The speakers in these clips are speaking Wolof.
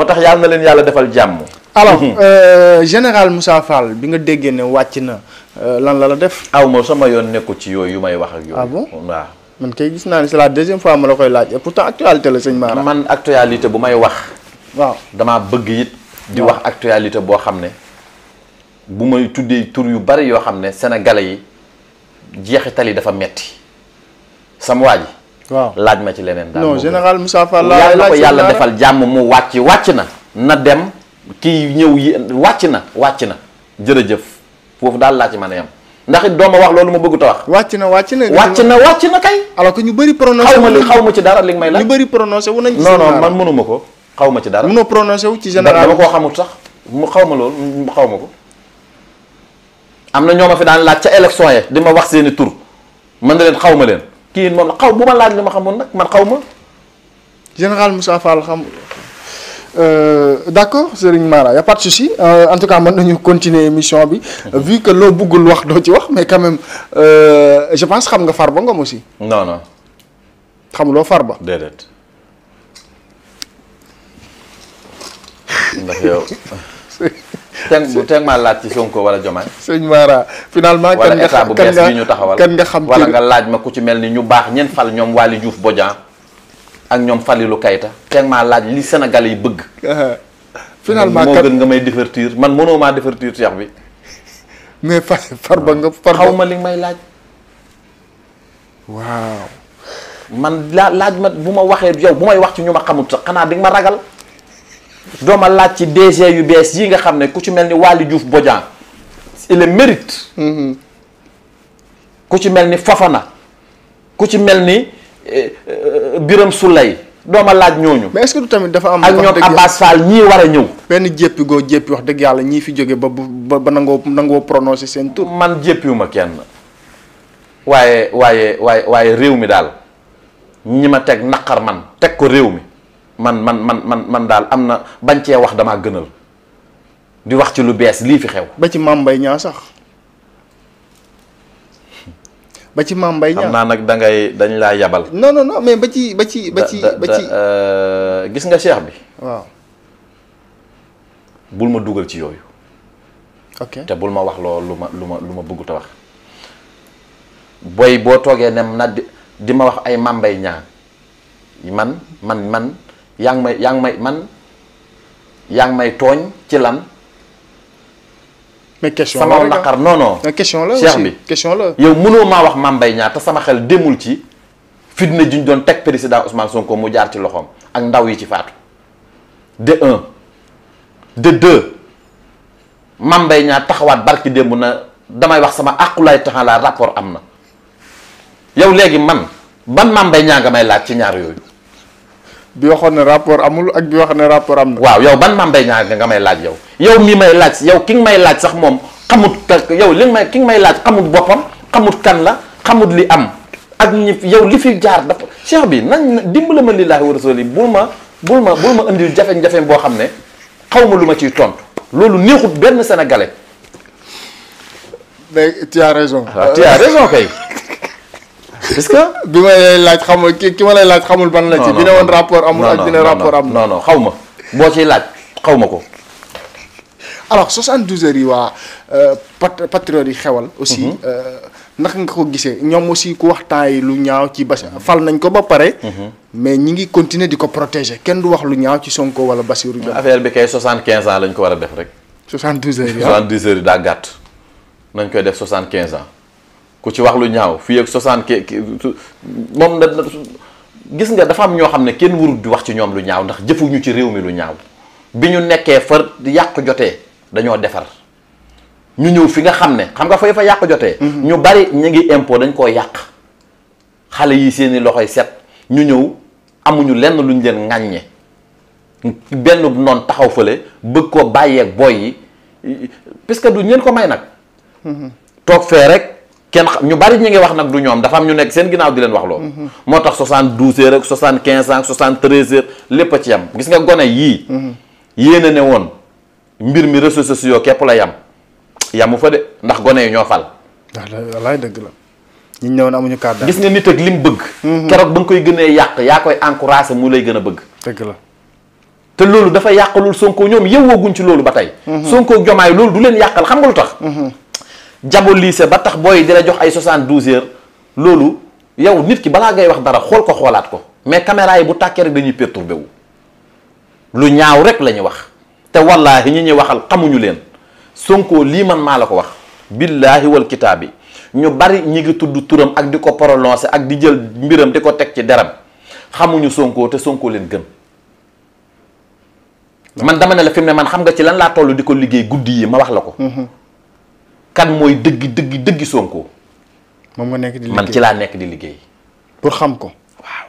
moo tax yàlla na leen yàlla defal jàmm. alors mhm. euh, général Moussa Fall bi nga déggee ne wàcc na euh, lan la la def. aw ma sama yoon nekku ci yooyu yu may wax ak. yooyu ah bon waaw. man kay gis naa ne c'est la deuxième fois ma la koy laaj et pourtant actualité la sëñ Mara. man actualité bu may wax. waaw damaa bëgg it. di wax actualité boo xam ne. bu may tuddee tur yu bari yoo xam ne sénégalais yi jeexitali dafa metti sam waa ji waaw laaj ma ci leneen daal non général Moussa Fall laaj na ko yàlla defal jàmm mu wàcc wàcc na na dem kii ñëw yi wàcc na wàcc na jërëjëf foofu daal laaj ma mën a yem ndax it ma wax loolu ma bëggut a wax wàcc na wàcc na wàcc na wàcc na kay alors que ñu bëri prononcé xaw ma li xaw ma ci dara li may laaj ñu bëri wu nañ non non man mënuma ko xaw ma ci dara mënoo prononcé wu ci général ma koo xamul sax mu xaw ma loolu mu xaw ma ko am na ñoo ma fi daan laaj ca élection yi di ma wax seeni tur man na leen xaw ma leen kii moom la xaw bu ma laaj li ma xamoon nag man xaw ma. général Moussa xam. Euh, d' accord Serigne Mara y' a pas de euh, en tout cas mën nañu continuer émission bi mhm. vu que loo bëggul wax doo ci wax mais quand même euh, je pense xam nga Farba Ngom aussi. non non. xamuloo Farba. déedéet. ndax yow. teg teg maa laaj ci Sonko wala Jomaay. sëñ Mara finalement. kan nga xam kan nga kan nga xam wala nga laaj ma ku ci mel ni ñu baax ñen fal ñoom Waly Diouf Bodian ak ñoom Falilou Kayta teg maa laaj li Sénégal yi bëgg. finalement moo gën nga may divertir man mënoo maa divertir Cheikh bi. mais far farba nga farba xaw ma li may laaj. waaw. man laa laaj ma bu ma waxee yow bu may wax ci ñu ma xamul sax xanaa di nga ma ragal. dooma laaj ci DG yu bees yi nga xam ne ku ci mel ni Waly Diouf Bodian il est mérite mm-hmm. ku ci mel ni Fofana ku ci mel ni biram eh, eh, Birame Souley dooma laaj ñooñu. mais est tamit dafa am. ak ñoom Abbas Fall ñii war a ñëw. benn jéppi goo jéppi wax dëgg yàlla ñii fi jóge ba ba ba nangoo nangoo prononcé seen tur. man jéppiwuma kenn waaye waaye waaye waaye réew mi daal ñi ma teg naqar man teg ko réew mi. man man man man man daal am na bañ cee wax damaa gënal di wax ci lu bees lii fi xew. ba ci Mame Mbaye Niang sax ba ci Mame Mbaye Niang nag da ngay laa yabal. non non ba ci ba ci euh, nga Cheikh bi. bul ma dugal ci yooyu. ok bul ma wax loolu lu ma ma lu wax booy boo toogee ne na di ma wax ay Mame man man man. yaa ngi may yaa ngi may man yaa ngi may tooñ ci lan. mais question sama naqar non non. question la cheikh bi question la. yow mënoo maa wax Mame Mbaye te sama xel demul ci fitna juñ doon teg président Ousmane Sonko mu jaar ci loxoom ak ndaw yi ci faatu. de un de deux Mame taxawaat barki démb na damay wax sama àqulaay taxalaa rapport am na yow léegi man ban Mame Mbaye nga may laaj ci ñaar yooyu. bi waxoon ne rapport amul ak bi waxoon ne rapport am na. waaw yow ban Mame Mbaye Niang nga may laaj yow yow mi may laaj yow ki nga may laaj sax moom xamut yow li nga may ki may laaj xamut boppam xamut kan la xamut li am ak ñi yow li fi jaar dafa cheikh bi nañ dimbala ma lillaahi wa rasuli bul ma bul ma bul ma indil jafe-jafe boo xam ne xaw ma lu ma ci tontu loolu neexut benn sénégalais. mais tu as raison. Ah, tu raison kay. est-ce que bi ma lay laaj xamul ki ki ma lay laaj xamul ban la ci dina woon rapport amul ak dina rapport am na non xaw ma boo ciy laaj xaw ma ko alors 72 heures yi waa euh, patriote yi xewal aussi mhm. euh, naka nga ko gisee ñoom aussi ku waxtaan yi lu ñaaw ci Basi mhm. fal nañ ko ba pare mhm. mais ñi ngi continuer di ko protéger kenn du wax lu ñaaw ci Sonko wala Bassirou affaire bi kay 75 ans lañ ko war a def rek 72 heures yi ah. yi daa gàtt nañ koy def 75 ans ku ci wax lu ñaaw fii ak 60 ke moom da gis nga dafa am ñoo xam ne kenn warul di wax ci ñoom lu ñaaw ndax jëfuñu ci réew mi lu ñaaw bi ñu nekkee fa yàq jotee dañoo defar ñu ñëw fi nga xam ne xam nga fay fa yàq jotee. Mhm. ñu bari ñu ngi impôt dañ koo yàq. xale yi seeni loxoy set ñu ñëw amuñu lenn luñ leen ŋàññe benn noon taxaw fële bëgg koo bàyyeeg boy yi puisque du leen ko may nag. Mhm. toog fee rek. kenn ñu bari ñu ngi wax nag du ñoom dafa am ñu nekk seen ginnaaw di leen wax loolu. Mhm. moo tax 72 heures ak 75 ak 73 heures lépp a ci yam gis nga gone yii. Mhm. yéen a ne woon mbir mi réseaux sociaux képp la yam yamu fa de ndax gone yi ñoo fal. wallaay dëgg la. ñi ñëw na amuñu kàddaa gis nga nit ak lim bëgg. Mhm. keroog ba nga koy gënee yàq yaa koy encouragé mu lay gën a bëgg. dëgg la. te loolu dafa yàqalul Sonko ñoom yeewooguñ ci loolu ba tey. Sonko jomaay loolu du leen yàqal xam nga lu se ba tax booy di la jox ay 72 heures loolu yow nit ki balaa ngay wax dara xool ko xoolaat ko mais caméra yi bu tàkkee rek dañuy perturbé wu lu ñaaw rek la wax te wallaahi ñi ñuy waxal xamuñu leen Sonko lii man maa la ko wax billaahi wal kitaabi ñu bari ñi ngi tudd turam ak di ko prononcé ak di jël mbiram di ko teg ci deram xamuñu Sonko te Sonko leen gën man dama ne la fi ne man xam nga ci lan laa toll di ko liggéey guddi yi ma wax la ko mm-hmm. kan mooy dëgg dëgg dëggi Sonko. moom nga nekk di liggéey man ci laa nekk di liggéey. pour xam ko. waaw.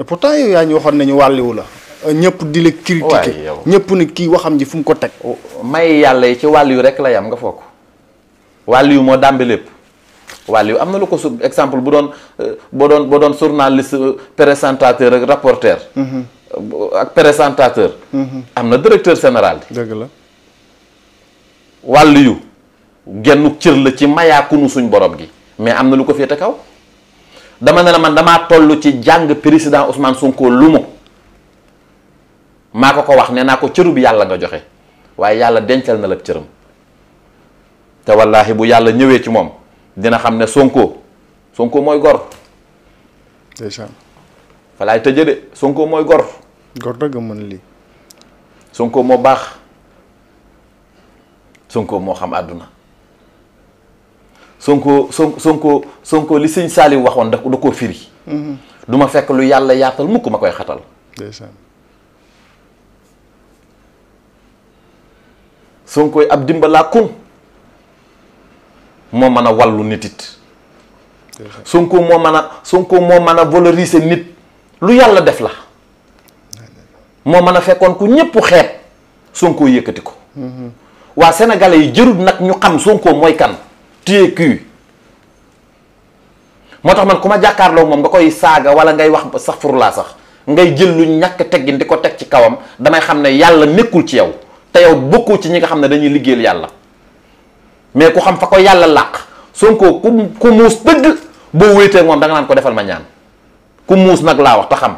et pourtant yaa ñu waxoon nañu wàlliwu la. ñëpp di la critiquer ñëpp ni kii waxam ji fu mu ko teg. Oh, may yàlla yi ci wàlliwu rek la yam nga foog wàlliwu moo dàmbi lépp. wàlliwu am na lu ko su exemple bu doon euh, boo doon boo doon journaliste euh, présentateur ak rapporteur. Mm-hmm. Euh, ak présentateur. Mm-hmm. am na directeur général. dëgg la wàlliwu. gennu cër la ci mayaakunu suñ boroom gi mais am na lu ko féete kaw dama ne man dama toll ci jàng président Ousmane Sonko lu mu maa ko ko wax ne naa ko cëru bi yàlla nga joxe waaye yàlla dencal na la cëram te wallaahi bu yàlla ñëwee ci moom dina xam ne Sonko Sonko mooy gor. ndeysaan. fa laay de Sonko mooy gor. gor dëgg mën lii. Sonko moo baax Sonko moo xam àdduna. Sonko Sonko Sonko li sëñ Saliou waxoon da da koo firi. Mhm. du ma fekk lu yàlla yaatal mukk ma koy xatal. ndeysaan. Sonko ab dimbalaakum moo mën a wallu nit it. Sonko moo mën a Sonko moo mën a valoriser nit lu yàlla def la. moo mën a fekkoon ku ñëpp xeet Sonko yëkkati ko. Mhm. waa sénégalais yi jërut nag ñu xam Sonko mooy kan. tu cul moo tax man ku ma jàkkaarloo moom nga koy saaga wala ngay wax sax fur laa sax ngay jël lu ñàkk teggin di ko teg ci kawam damay xam ne yàlla nekkul ci yow te yow bokkoo ci ñi nga xam ne dañuy liggéeyal yàlla mais ku xam fa ko yàlla làq Sonko ku ku muus dëgg boo wéetee moom da nga naan ko defal ma ñaan ku muus nag laa wax te xam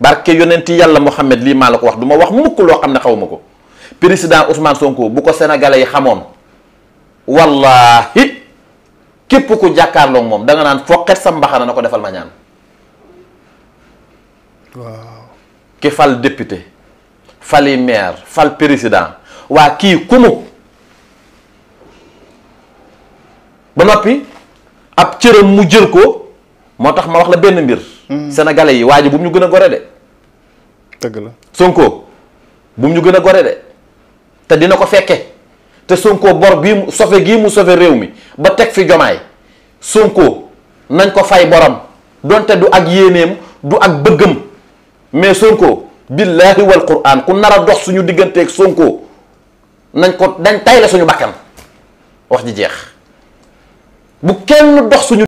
barke yonenti yàlla Mouhamed lii maa la ko wax du ma wax mukk loo xam ne xawuma ko président Ousmane Sonko bu ko sénégalais yi xamoon wallaahi képp ku jàkkaarloog moom danga naan foqet sa mbaxana na ko defal ma ñaan. waaw. ki fal député fali maire fal président waa kii kumu ba noppi ab cëram mu jël ko moo tax ma wax la benn mbir. Hmm. sénégalais yi waa ji bu mu ñu gën a gore de. dëgg la Sonko bu mu ñu gën a gore de te dina ko fekke te Sonko bor bii mu sofe gii mu sofe réew mi ba teg fi jomaay Sonko nañ ko fay borom donte du ak yéeneem du ak bëggam mais Sonko billaahi wal quraan ku nara dox suñu digganteeg Sonko nañ ko dañ tay suñu bakkan wax ji jeex bu kenn dox suñu